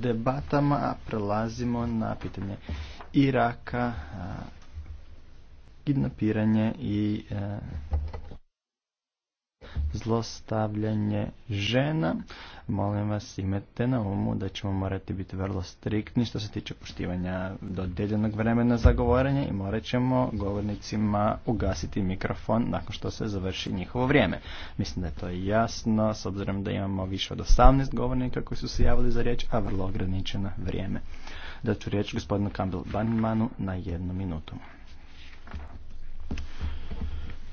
debatama, a prelazimo na pitanje Iraka, kidnapiranje i e, zlostavljanje žena. Molim vas imajte na umu da ćemo morati biti vrlo striktni što se tiče poštivanja dodijeljenog vremena za govorenje i morat ćemo govornicima ugasiti mikrofon nakon što se završi njihovo vrijeme. Mislim da je to jasno s obzirom da imamo više od 18 govornika koji su se javili za riječ, a vrlo ograničeno vrijeme. Da ću riječ gospodinu Campbell Banmanu na jednu minutu.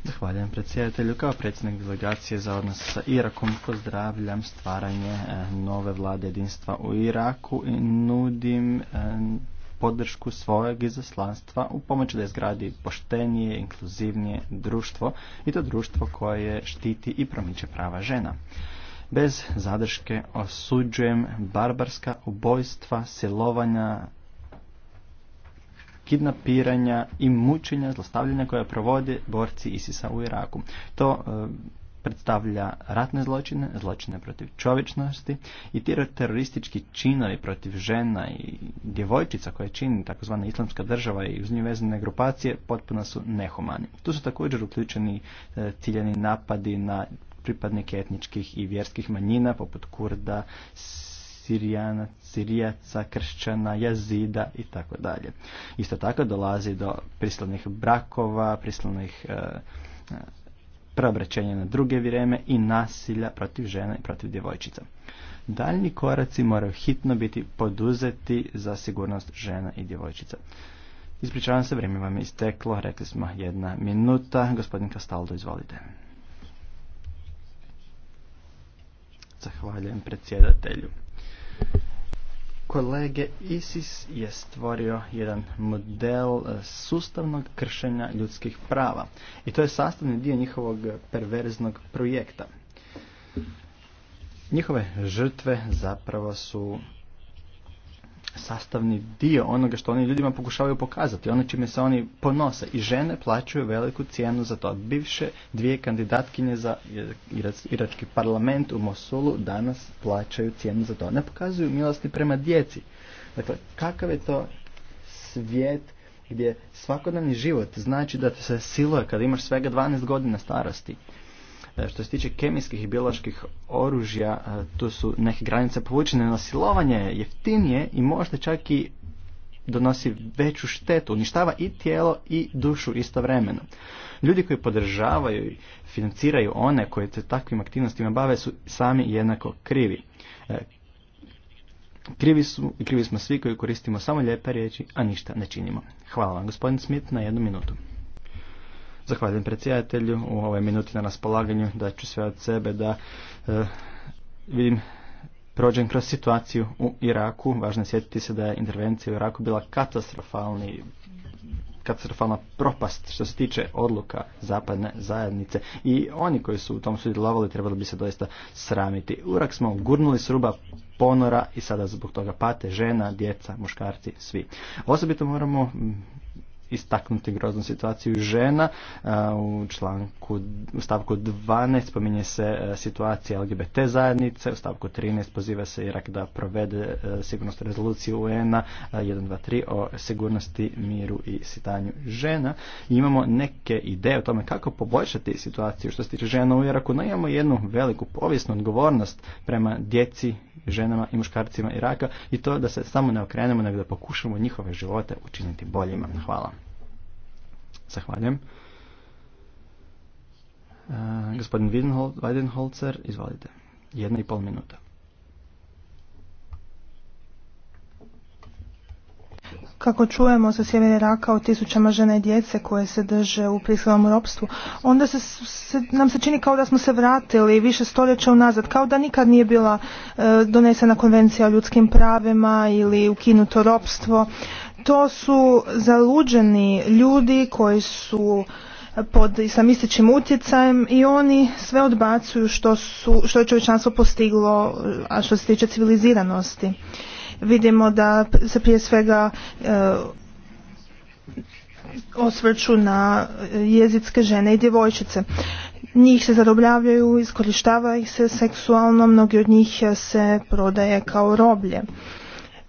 Zahvaljujem predsjedatelju. Kao predsjednik delegacije za odnos sa Irakom pozdravljam stvaranje e, nove vlade jedinstva u Iraku i nudim e, podršku svojeg izaslanstva u pomoću da izgradi poštenije, inkluzivnije društvo i to društvo koje štiti i promiče prava žena. Bez zadrške osuđujem barbarska ubojstva, silovanja, kidnapiranja i mučenja zlostavljanja koje provode borci Isisa u Iraku. To e, predstavlja ratne zločine, zločine protiv čovječnosti i teroristički činovi protiv žena i djevojčica koje čini tzv. islamska država i uz nju vezane grupacije potpuno su nehumani. Tu su također uključeni e, ciljani napadi na pripadnike etničkih i vjerskih manjina poput Kurda, Sirijana, Sirijaca, kršćana, jazida i tako dalje. Isto tako dolazi do prisilnih brakova, prisilnih e, e, preobraćenja na druge vrijeme i nasilja protiv žena i protiv djevojčica. Daljni koraci moraju hitno biti poduzeti za sigurnost žena i djevojčica. Ispričavam se, vrijeme vam je isteklo, rekli smo jedna minuta. Gospodin Kastaldo, izvolite. Zahvaljujem predsjedatelju kolege ISIS je stvorio jedan model e, sustavnog kršenja ljudskih prava i to je sastavni dio njihovog perverznog projekta. Njihove žrtve zapravo su sastavni dio onoga što oni ljudima pokušavaju pokazati, ono čime se oni ponose. I žene plaćaju veliku cijenu za to. Bivše dvije kandidatkinje za irački parlament u Mosulu danas plaćaju cijenu za to. Ne pokazuju milosti prema djeci. Dakle, kakav je to svijet gdje svakodnevni život znači da te se siluje kada imaš svega 12 godina starosti. E, što se tiče kemijskih i bioloških oružja, e, tu su neke granice povučene na silovanje, jeftinije i možda čak i donosi veću štetu, uništava i tijelo i dušu istovremeno. Ljudi koji podržavaju i financiraju one koji se takvim aktivnostima bave su sami jednako krivi. E, krivi, su, krivi smo svi koji koristimo samo lijepe riječi, a ništa ne činimo. Hvala vam, gospodin Smith, na jednu minutu. Zahvaljujem predsjedatelju u ovoj minuti na raspolaganju da ću sve od sebe da e, vidim prođen kroz situaciju u Iraku. Važno je sjetiti se da je intervencija u Iraku bila katastrofalni katastrofalna propast što se tiče odluka zapadne zajednice i oni koji su u tom sudjelovali trebali bi se doista sramiti. Urak smo gurnuli s ruba ponora i sada zbog toga pate žena, djeca, muškarci, svi. Osobito moramo istaknuti groznu situaciju žena. U članku, u stavku 12 spominje se e, situacija LGBT zajednice, u stavku 13 poziva se Irak da provede e, sigurnost rezoluciju UN-a 123 o sigurnosti, miru i sitanju žena. I imamo neke ideje o tome kako poboljšati situaciju što se tiče žena u Iraku, no imamo jednu veliku povijesnu odgovornost prema djeci, ženama i muškarcima Iraka i to da se samo ne okrenemo, nego da pokušamo njihove živote učiniti boljima. Hvala. Zahvaljujem. E, gospodin Weidenholzer, izvolite. Jedna i pol minuta. Kako čujemo sa sjevera raka o tisućama žene i djece koje se drže u prisilnom ropstvu, onda se, nam se čini kao da smo se vratili više stoljeća unazad, kao da nikad nije bila e, donesena konvencija o ljudskim pravima ili ukinuto ropstvo to su zaluđeni ljudi koji su pod islamističkim utjecajem i oni sve odbacuju što, su, što je čovječanstvo postiglo, a što se tiče civiliziranosti. Vidimo da se prije svega e, osvrću na jezitske žene i djevojčice. Njih se zarobljavaju, iskorištava ih se seksualno, mnogi od njih se prodaje kao roblje.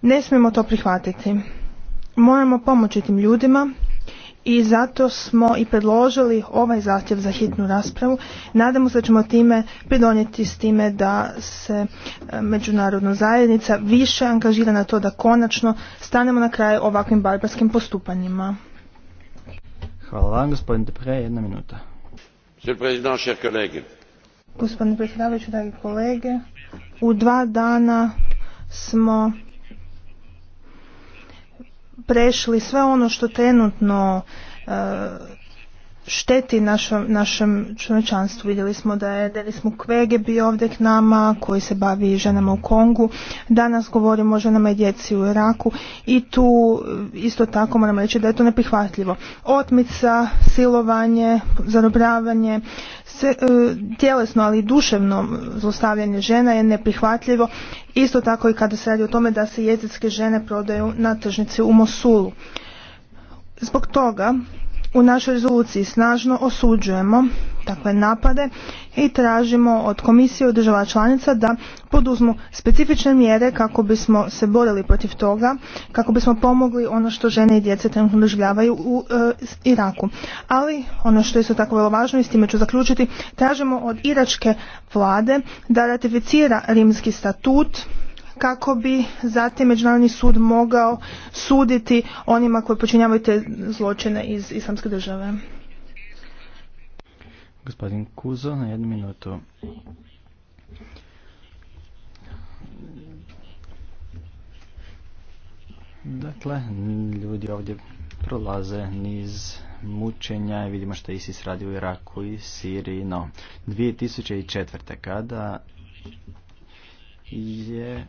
Ne smijemo to prihvatiti. Moramo pomoći tim ljudima i zato smo i predložili ovaj zahtjev za hitnu raspravu. Nadamo se da ćemo time pridonijeti s time da se e, međunarodna zajednica više angažira na to da konačno stanemo na kraj ovakvim barbarskim postupanjima. Hvala vam, gospodin jedna minuta. Gospodine predsjedavajući, dragi kolege, u dva dana smo prešli sve ono što trenutno e, šteti našom našem čovječanstvu. Vidjeli smo da je Denis Mukwege bio ovdje k nama, koji se bavi ženama u Kongu. Danas govorimo o ženama i djeci u Iraku i tu e, isto tako moramo reći da je to neprihvatljivo. Otmica, silovanje, zarobravanje, e, tjelesno ali i duševno zlostavljanje žena je neprihvatljivo. Isto tako i kada se radi o tome da se jezitske žene prodaju na tržnici u Mosulu. Zbog toga u našoj rezoluciji snažno osuđujemo takve napade i tražimo od komisije od država članica da poduzmu specifične mjere kako bismo se borili protiv toga, kako bismo pomogli ono što žene i djece trenutno doživljavaju u e, Iraku. Ali ono što je isto tako vrlo važno i s time ću zaključiti, tražimo od iračke vlade da ratificira rimski statut kako bi zatim Međunarodni sud mogao suditi onima koji počinjavaju te zločine iz islamske države. Gospodin Kuzo, na jednu minutu. Dakle, ljudi ovdje prolaze niz mučenja i vidimo što ISIS radi u Iraku i Siriji. No, 2004. kada je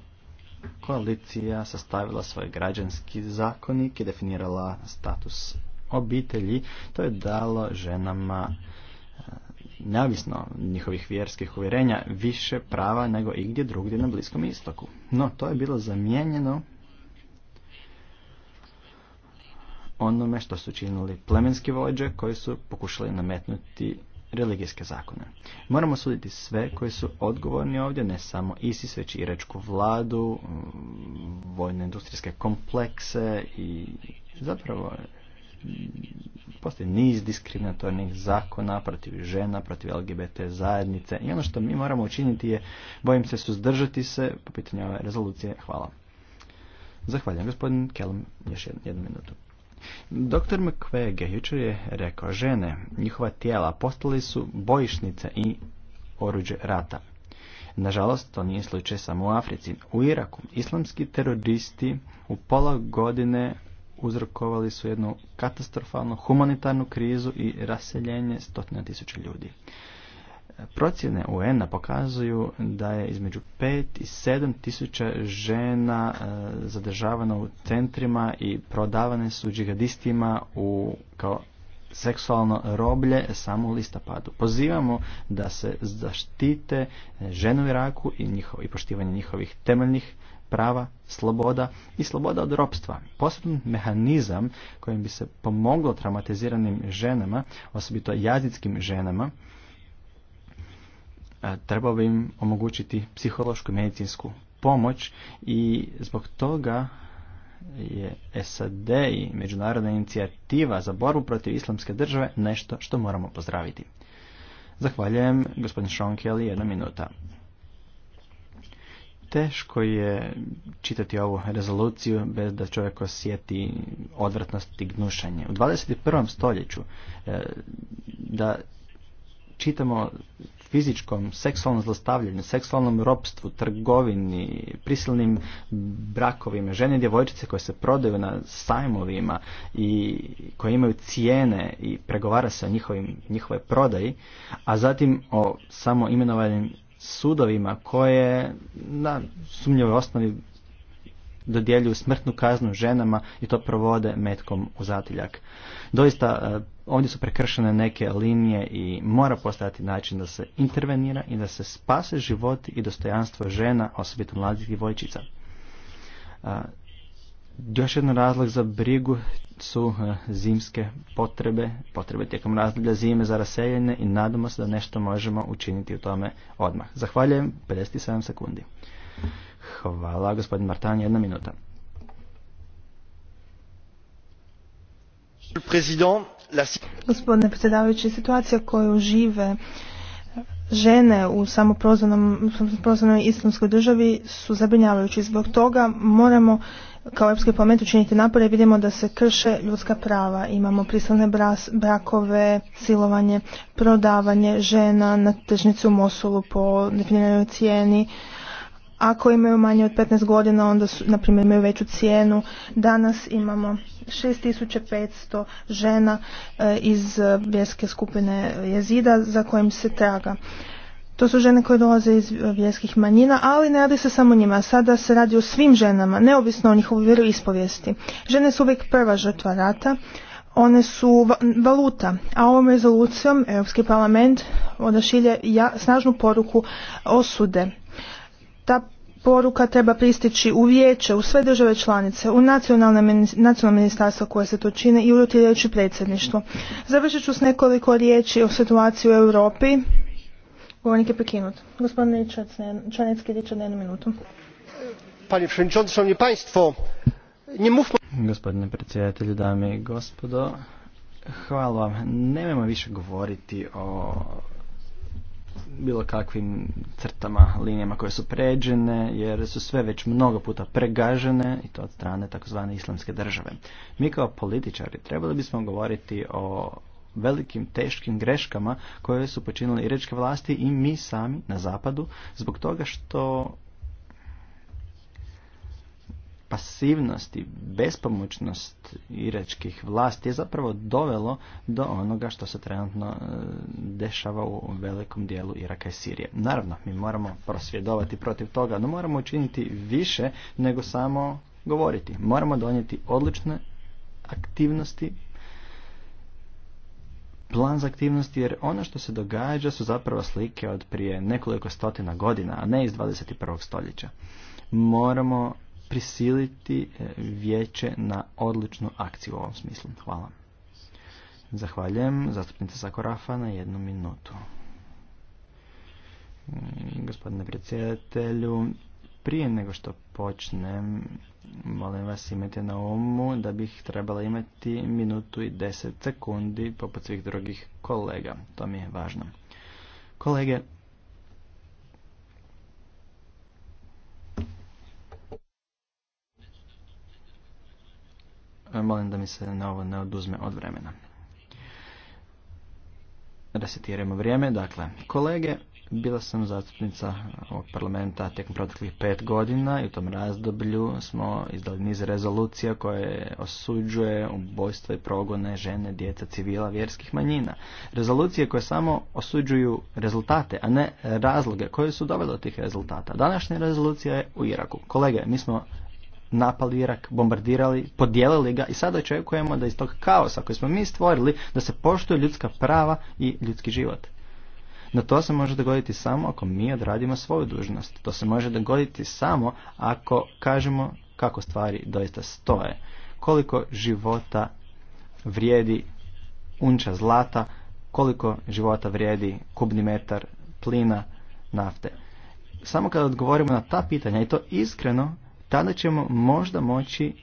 koalicija sastavila svoj građanski zakonik i definirala status obitelji. To je dalo ženama e, neovisno njihovih vjerskih uvjerenja, više prava nego igdje drugdje na Bliskom istoku. No, to je bilo zamijenjeno onome što su činili plemenski vođe koji su pokušali nametnuti religijske zakone. Moramo suditi sve koji su odgovorni ovdje, ne samo ISIS, već i rečku vladu, mm, vojne industrijske komplekse i zapravo mm, postoji niz diskriminatornih zakona protiv žena, protiv LGBT zajednice i ono što mi moramo učiniti je, bojim se, suzdržati se po pitanju ove rezolucije. Hvala. Zahvaljujem gospodin Kelm, još jednu minutu. Dr. McVege jučer je rekao, žene, njihova tijela postali su bojišnice i oruđe rata. Nažalost, to nije slučaj samo u Africi. U Iraku islamski teroristi u pola godine uzrokovali su jednu katastrofalnu humanitarnu krizu i raseljenje stotina tisuća ljudi. Procjene UN-a pokazuju da je između 5 i 7 tisuća žena e, zadržavano u centrima i prodavane su džihadistima u, kao seksualno roblje samo u listopadu. Pozivamo da se zaštite e, žene u Iraku i, njihovo, i poštivanje njihovih temeljnih prava, sloboda i sloboda od ropstva. Poseban mehanizam kojim bi se pomoglo traumatiziranim ženama, osobito jazitskim ženama, trebao bi im omogućiti psihološku i medicinsku pomoć i zbog toga je SAD i međunarodna inicijativa za borbu protiv islamske države nešto što moramo pozdraviti. Zahvaljujem, gospodin Sean jedna minuta. Teško je čitati ovu rezoluciju bez da čovjek osjeti odvratnost i gnušanje. U 21. stoljeću e, da čitamo fizičkom, seksualnom zlostavljanju, seksualnom ropstvu, trgovini, prisilnim brakovima, žene i djevojčice koje se prodaju na sajmovima i koje imaju cijene i pregovara se o njihovoj njihove prodaji, a zatim o samo imenovanim sudovima koje na sumnjivoj osnovi dodjeljuju smrtnu kaznu ženama i to provode metkom u zatiljak. Doista Ovdje su prekršene neke linije i mora postati način da se intervenira i da se spase život i dostojanstvo žena, osobito mladih djevojčica. Još jedan razlog za brigu su e, zimske potrebe, potrebe tijekom razdoblja zime za raseljene i nadamo se da nešto možemo učiniti u tome odmah. Zahvaljujem, 57 sekundi. Hvala, gospodin Martan, jedna minuta. Gospodine predsjedavajući, situacija koju žive žene u samoprozvanoj islamskoj državi su zabrinjavajući. Zbog toga moramo kao Europski parlament učiniti napore vidimo da se krše ljudska prava. Imamo prisilne brakove, silovanje, prodavanje žena na tržnicu u Mosulu po definiranoj cijeni, ako imaju manje od 15 godina, onda su, na primjer, imaju veću cijenu. Danas imamo 6500 žena eh, iz eh, vjerske skupine jezida za kojim se traga. To su žene koje dolaze iz eh, vjerskih manjina, ali ne radi se samo njima. Sada se radi o svim ženama, neovisno o njihovoj vjeru ispovijesti. Žene su uvijek prva žrtva rata, one su valuta, a ovom rezolucijom Europski parlament odašilje snažnu poruku osude ta poruka treba pristići u vijeće, u sve države članice, u nacionalne, nacionalne ministarstva koje se to čine i u rotirajuće predsjedništvo. Završit ću s nekoliko riječi o situaciji u Europi. Govornik je prekinut. Gospodin riječ na jednu minutu. Gospodine predsjedatelju, dame i gospodo, hvala vam. Nemojmo više govoriti o bilo kakvim crtama, linijama koje su pređene, jer su sve već mnogo puta pregažene i to od strane takozvane islamske države. Mi kao političari trebali bismo govoriti o velikim teškim greškama koje su počinile iračke vlasti i mi sami na zapadu zbog toga što pasivnost i bespomoćnost iračkih vlasti je zapravo dovelo do onoga što se trenutno e, dešava u velikom dijelu Iraka i Sirije. Naravno, mi moramo prosvjedovati protiv toga, no moramo učiniti više nego samo govoriti. Moramo donijeti odlične aktivnosti, plan za aktivnosti, jer ono što se događa su zapravo slike od prije nekoliko stotina godina, a ne iz 21. stoljeća. Moramo prisiliti e, vijeće na odličnu akciju u ovom smislu. Hvala. Zahvaljujem. Zastupnica Sakorafa na jednu minutu. Mm, gospodine predsjedatelju, prije nego što počnem, molim vas imajte na umu da bih trebala imati minutu i deset sekundi poput svih drugih kolega. To mi je važno. Kolege, E, molim da mi se na ovo ne oduzme od vremena. resetiramo vrijeme. Dakle, kolege, bila sam zastupnica ovog parlamenta tijekom proteklih pet godina i u tom razdoblju smo izdali niz rezolucija koje osuđuje ubojstvo i progone žene, djeca, civila, vjerskih manjina. Rezolucije koje samo osuđuju rezultate, a ne razloge koje su dovele do tih rezultata. Današnja rezolucija je u Iraku. Kolege, mi smo napali Irak, bombardirali, podijelili ga i sada očekujemo da iz tog kaosa koji smo mi stvorili, da se poštuju ljudska prava i ljudski život. No to se može dogoditi samo ako mi odradimo svoju dužnost. To se može dogoditi samo ako kažemo kako stvari doista stoje. Koliko života vrijedi unča zlata, koliko života vrijedi kubni metar plina, nafte. Samo kada odgovorimo na ta pitanja i to iskreno tada ćemo možda moći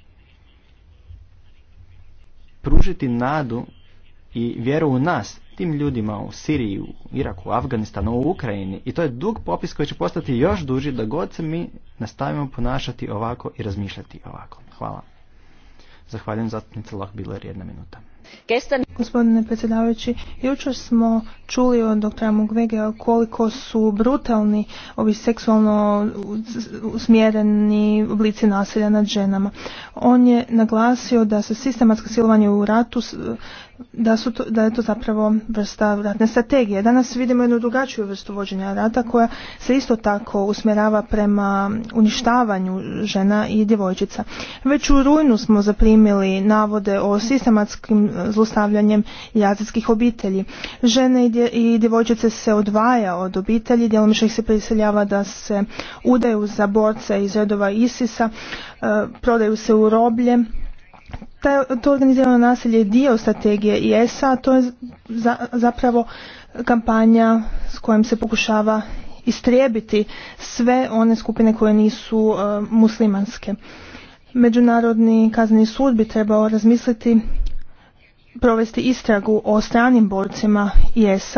pružiti nadu i vjeru u nas, tim ljudima u Siriji, u Iraku, u Afganistanu, u Ukrajini. I to je dug popis koji će postati još duži da god se mi nastavimo ponašati ovako i razmišljati ovako. Hvala. Zahvaljujem zastupnice je jedna minuta. Gospodine predsjedavajući, jučer smo čuli od doktora Mugvega koliko su brutalni ovi seksualno usmjereni oblici nasilja nad ženama. On je naglasio da se sistematsko silovanje u ratu da, su to, da je to zapravo vrsta ratne strategije. Danas vidimo jednu drugačiju vrstu vođenja rata koja se isto tako usmjerava prema uništavanju žena i djevojčica. Već u rujnu smo zaprimili navode o sistematskim zlostavljanjem jazijskih obitelji. Žene i, djevojčice se odvaja od obitelji, djelomično ih se priseljava da se udaju za borce iz redova Isisa, e, prodaju se u roblje, to organizirano nasilje je dio strategije IS-a, to je zapravo kampanja s kojom se pokušava istrijebiti sve one skupine koje nisu e, muslimanske. Međunarodni kazneni sud bi trebao razmisliti provesti istragu o stranim borcima is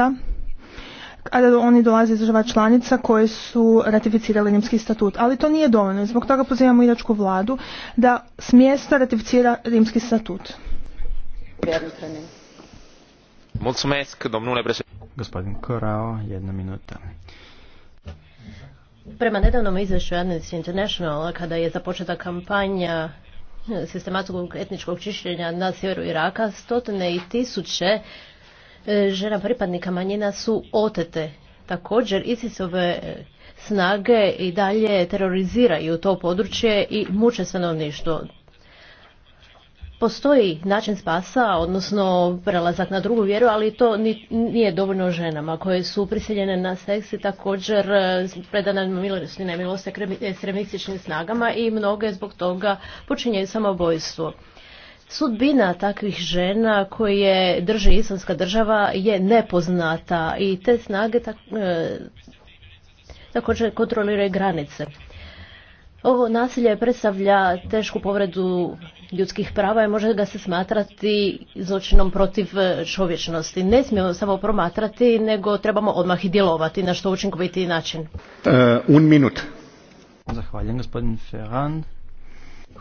a da oni dolaze iz država članica koje su ratificirali rimski statut. Ali to nije dovoljno i zbog toga pozivamo iračku vladu da smjesta ratificira rimski statut. Gospodin jedna minuta. Prema nedavnom izvješću Amnesty International, kada je započeta kampanja e, sistematskog etničkog čišćenja na sjeveru Iraka, stotine i tisuće E, žena pripadnika manjina su otete. Također, ove e, snage i dalje teroriziraju to područje i muče stanovništvo. Postoji način spasa, odnosno prelazak na drugu vjeru, ali to nije dovoljno ženama koje su prisiljene na seks također e, predane nemilosti s ekstremističnim snagama i mnoge zbog toga počinjaju samobojstvo. Sudbina takvih žena koje drži islamska država je nepoznata i te snage e, također kontroliraju granice. Ovo nasilje predstavlja tešku povredu ljudskih prava i može ga se smatrati zločinom protiv čovječnosti. Ne smijemo samo promatrati, nego trebamo odmah i djelovati na što učinkovitiji način. E, un minut. Zahvaljujem gospodin Ferrand.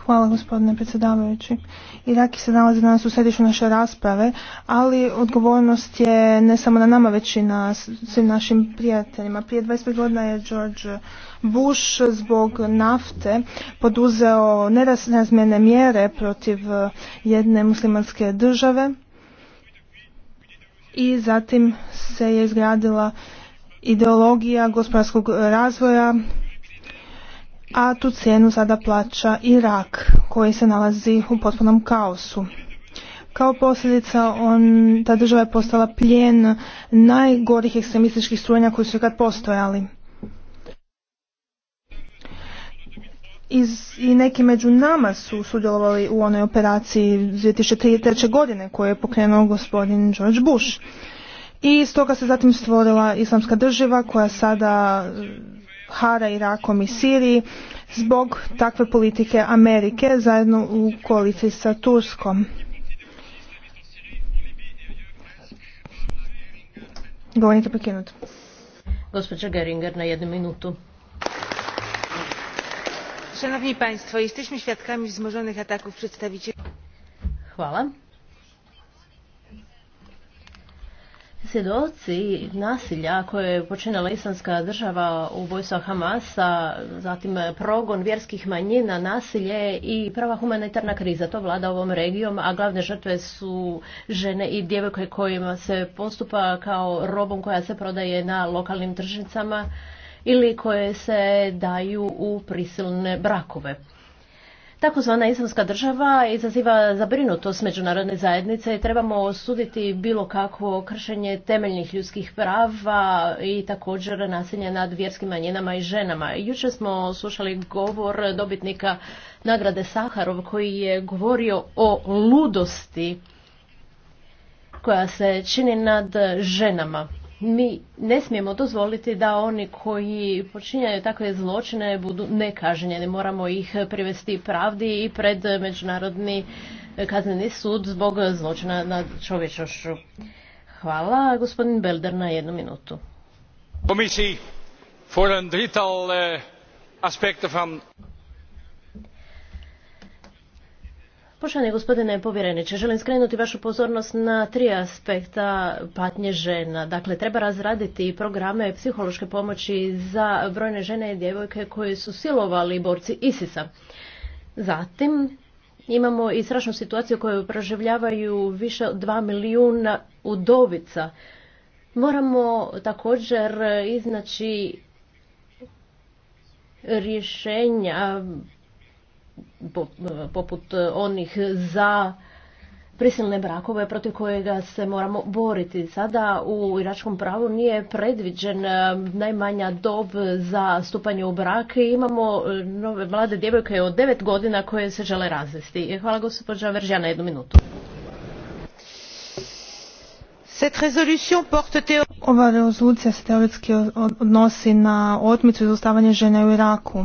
Hvala gospodine predsjedavajući. Iraki se nalazi danas u središtu naše rasprave, ali odgovornost je ne samo na nama, već i na svim našim prijateljima. Prije 25 godina je George Bush zbog nafte poduzeo nerazmjene mjere protiv eh, jedne muslimanske države i zatim se je izgradila ideologija gospodarskog razvoja a tu cijenu sada plaća Irak koji se nalazi u potpunom kaosu. Kao posljedica on, ta država je postala plijen najgorih ekstremističkih strujenja koji su kad postojali. Iz, I neki među nama su sudjelovali u onoj operaciji 2003. godine koju je pokrenuo gospodin George Bush. I stoga se zatim stvorila islamska država koja sada Hara, Irakom i Siriji zbog takve politike Amerike zajedno u koaliciji sa Turskom. Govorite prekinut. Gospođa Geringer na jednu minutu. Szanowni Państwo, jesteśmy świadkami wzmożonych ataków przedstawicieli. Hvala. Svjedoci nasilja koje je počinila islamska država u bojstva Hamasa, zatim progon vjerskih manjina, nasilje i prava humanitarna kriza. To vlada ovom regijom, a glavne žrtve su žene i djevojke kojima se postupa kao robom koja se prodaje na lokalnim tržnicama ili koje se daju u prisilne brakove. Takozvana islamska država izaziva zabrinutost međunarodne zajednice i trebamo osuditi bilo kakvo kršenje temeljnih ljudskih prava i također nasilje nad vjerskim manjinama i ženama. Jučer smo slušali govor dobitnika nagrade Saharov koji je govorio o ludosti koja se čini nad ženama mi ne smijemo dozvoliti da oni koji počinjaju takve zločine budu nekažnjeni. Moramo ih privesti pravdi i pred Međunarodni kazneni sud zbog zločina nad čovječošću. Hvala. Gospodin Belder na jednu minutu. Komisiji, an Poštovani gospodine povjereniče, želim skrenuti vašu pozornost na tri aspekta patnje žena. Dakle, treba razraditi programe psihološke pomoći za brojne žene i djevojke koje su silovali borci ISIS-a. Zatim, imamo i strašnu situaciju koju proživljavaju više od dva milijuna udovica. Moramo također iznaći rješenja poput e, onih za prisilne brakove protiv kojega se moramo boriti. Sada u iračkom pravu nije predviđen e, najmanja dob za stupanje u brak i imamo e, nove mlade djevojke od 9 godina koje se žele razvesti. Hvala gospođa Veržija na jednu minutu. Ova rezolucija se teoretski odnosi na otmicu i zaustavanje žene u Iraku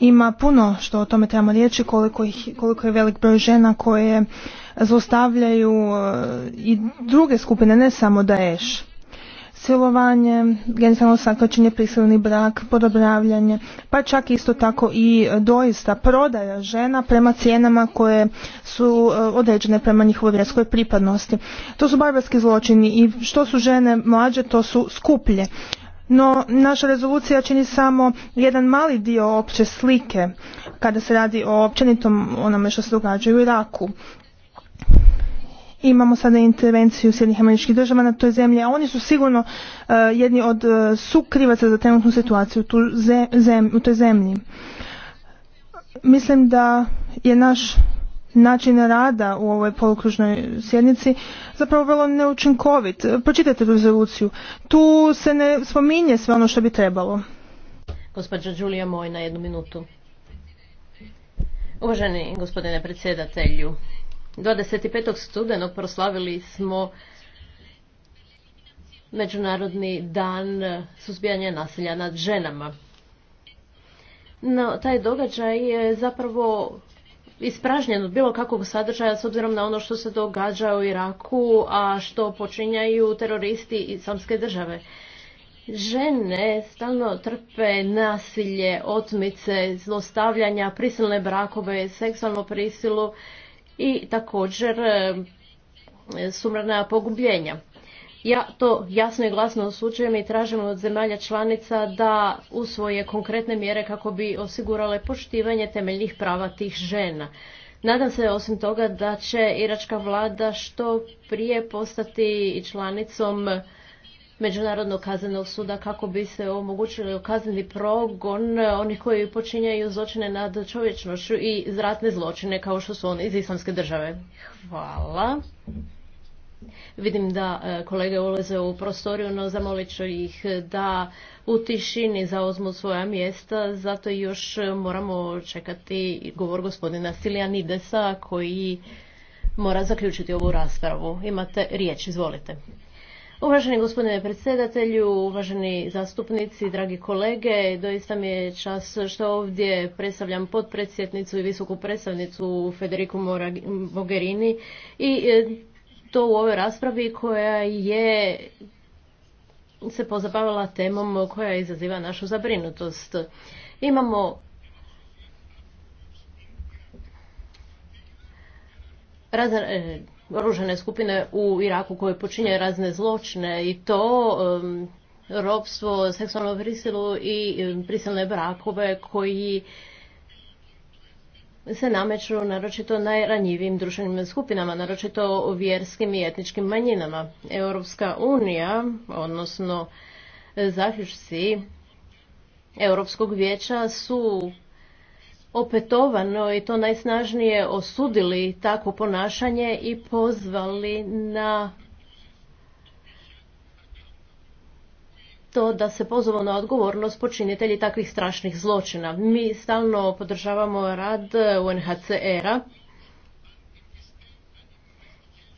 ima puno što o tome trebamo reći koliko, ih, koliko je velik broj žena koje zlostavljaju e, i druge skupine, ne samo Daesh. Silovanje, genitalno sakračenje, prisilni brak, podobravljanje, pa čak isto tako i doista prodaja žena prema cijenama koje su e, određene prema njihovoj vjerskoj pripadnosti. To su barbarski zločini i što su žene mlađe, to su skuplje. No, naša rezolucija čini samo jedan mali dio opće slike kada se radi o općenitom onome što se događa u Iraku. Imamo sada intervenciju Sjednih američkih država na toj zemlji, a oni su sigurno e, jedni od uh, sukrivaca za trenutnu situaciju zem, u toj zemlji. Mislim da je naš način rada u ovoj polukružnoj sjednici zapravo vrlo neučinkovit. Pročitajte rezoluciju. Tu se ne spominje sve ono što bi trebalo. Gospođa Đulija Moj na jednu minutu. Uvaženi gospodine predsjedatelju, 25. studenog proslavili smo Međunarodni dan suzbijanja nasilja nad ženama. No, taj događaj je zapravo ispražnjen od bilo kakvog sadržaja s obzirom na ono što se događa u Iraku, a što počinjaju teroristi islamske države. Žene stalno trpe nasilje, otmice, zlostavljanja, prisilne brakove, seksualno prisilu i također e, sumrana pogubljenja. Ja to jasno i glasno osuđujem i tražim od zemalja članica da usvoje konkretne mjere kako bi osigurale poštivanje temeljnih prava tih žena. Nadam se osim toga da će iračka vlada što prije postati i članicom Međunarodnog kaznenog suda kako bi se omogućili kazneni progon onih koji počinjaju zločine nad čovječnošću i zratne zločine kao što su oni iz islamske države. Hvala. Vidim da e, kolege ulaze u prostoriju, no zamolit ću ih e, da u tišini zauzmu svoja mjesta, zato još e, moramo čekati govor gospodina Siljanidesa koji mora zaključiti ovu raspravu. Imate riječ, izvolite. Uvaženi gospodine predsjedatelju, uvaženi zastupnici, dragi kolege, doista mi je čas što ovdje predstavljam potpredsjednicu i visoku predstavnicu Federiku Mogherini i to u ovoj raspravi koja je se pozabavila temom koja izaziva našu zabrinutost. Imamo razne e, oružane skupine u Iraku koje počinje razne zločine i to ropstvo, robstvo, seksualno prisilu i prisilne brakove koji se nameću naročito najranjivijim društvenim skupinama, naročito vjerskim i etničkim manjinama. Europska unija, odnosno e, zaključci Europskog vijeća su opetovano i to najsnažnije osudili takvo ponašanje i pozvali na to da se pozovu na odgovornost počinitelji takvih strašnih zločina. Mi stalno podržavamo rad UNHCR-a e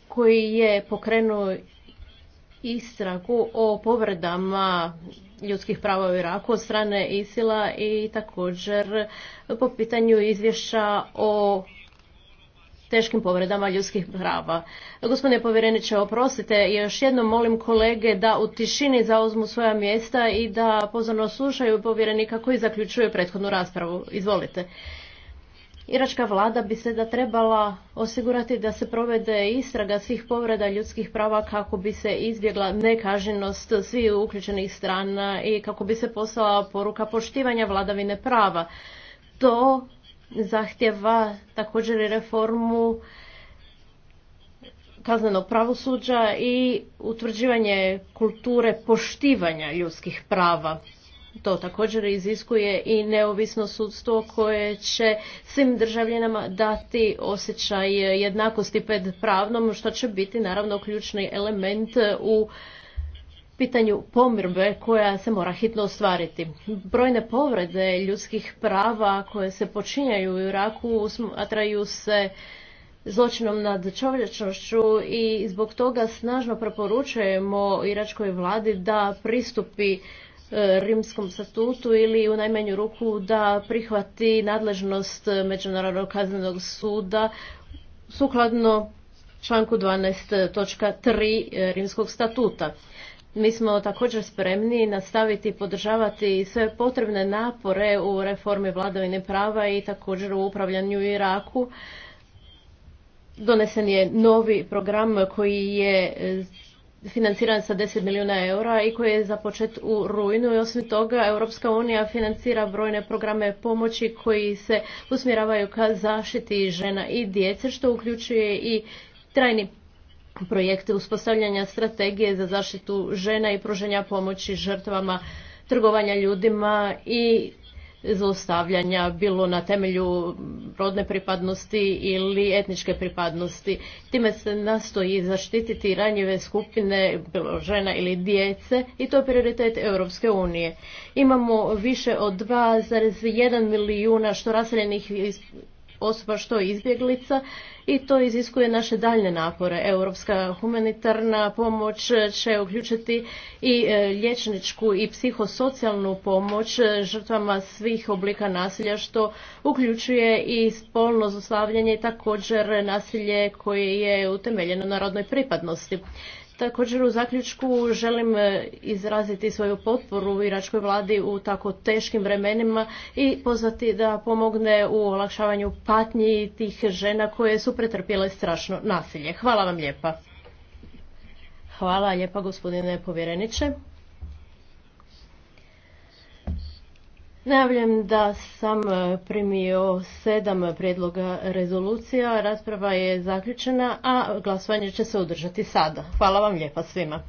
koji je pokrenuo istragu o povredama ljudskih prava u Iraku od strane ISIL-a i također po pitanju izvješća o teškim povredama ljudskih prava. Gospodine povjereniče, oprostite, još jednom molim kolege da u tišini zauzmu svoja mjesta i da pozorno slušaju povjerenika koji zaključuje prethodnu raspravu. Izvolite. Iračka vlada bi se da trebala osigurati da se provede istraga svih povreda ljudskih prava kako bi se izbjegla nekaženost svih uključenih strana i kako bi se poslala poruka poštivanja vladavine prava. To zahtjeva također i reformu kaznenog pravosuđa i utvrđivanje kulture poštivanja ljudskih prava. To također iziskuje i neovisno sudstvo koje će svim državljenama dati osjećaj jednakosti pred pravnom, što će biti naravno ključni element u pitanju pomirbe koja se mora hitno ostvariti. Brojne povrede ljudskih prava koje se počinjaju u Iraku smatraju se zločinom nad čovječnošću i zbog toga snažno preporučujemo iračkoj vladi da pristupi e, rimskom statutu ili u najmanju ruku da prihvati nadležnost Međunarodnog kaznenog suda sukladno članku 12.3 e, rimskog statuta. Mi smo također spremni nastaviti podržavati sve potrebne napore u reformi vladavine prava i također u upravljanju Iraku. Donesen je novi program koji je financiran sa 10 milijuna eura i koji je započet u rujnu i osim toga Europska unija financira brojne programe pomoći koji se usmjeravaju ka zaštiti žena i djece što uključuje i trajni projekte uspostavljanja strategije za zaštitu žena i pružanja pomoći žrtvama trgovanja ljudima i zlostavljanja, bilo na temelju rodne pripadnosti ili etničke pripadnosti. Time se nastoji zaštititi ranjive skupine, žena ili djece, i to je prioritet Europske unije. Imamo više od 2,1 milijuna što raseljenih osoba što izbjeglica i to iziskuje naše daljne napore. Europska humanitarna pomoć će uključiti i e, liječničku i psihosocijalnu pomoć žrtvama svih oblika nasilja što uključuje i spolno zoslavljanje i također nasilje koje je utemeljeno na rodnoj pripadnosti. Također u zaključku želim e, izraziti svoju potporu iračkoj vladi u tako teškim vremenima i pozvati da pomogne u olakšavanju patnji tih žena koje su pretrpjele strašno nasilje. Hvala vam lijepa. Hvala lijepa gospodine povjereniče. Najavljam da sam e, primio sedam predloga rezolucija, rasprava je zaključena, a glasovanje će se održati sada. Hvala vam lijepa svima.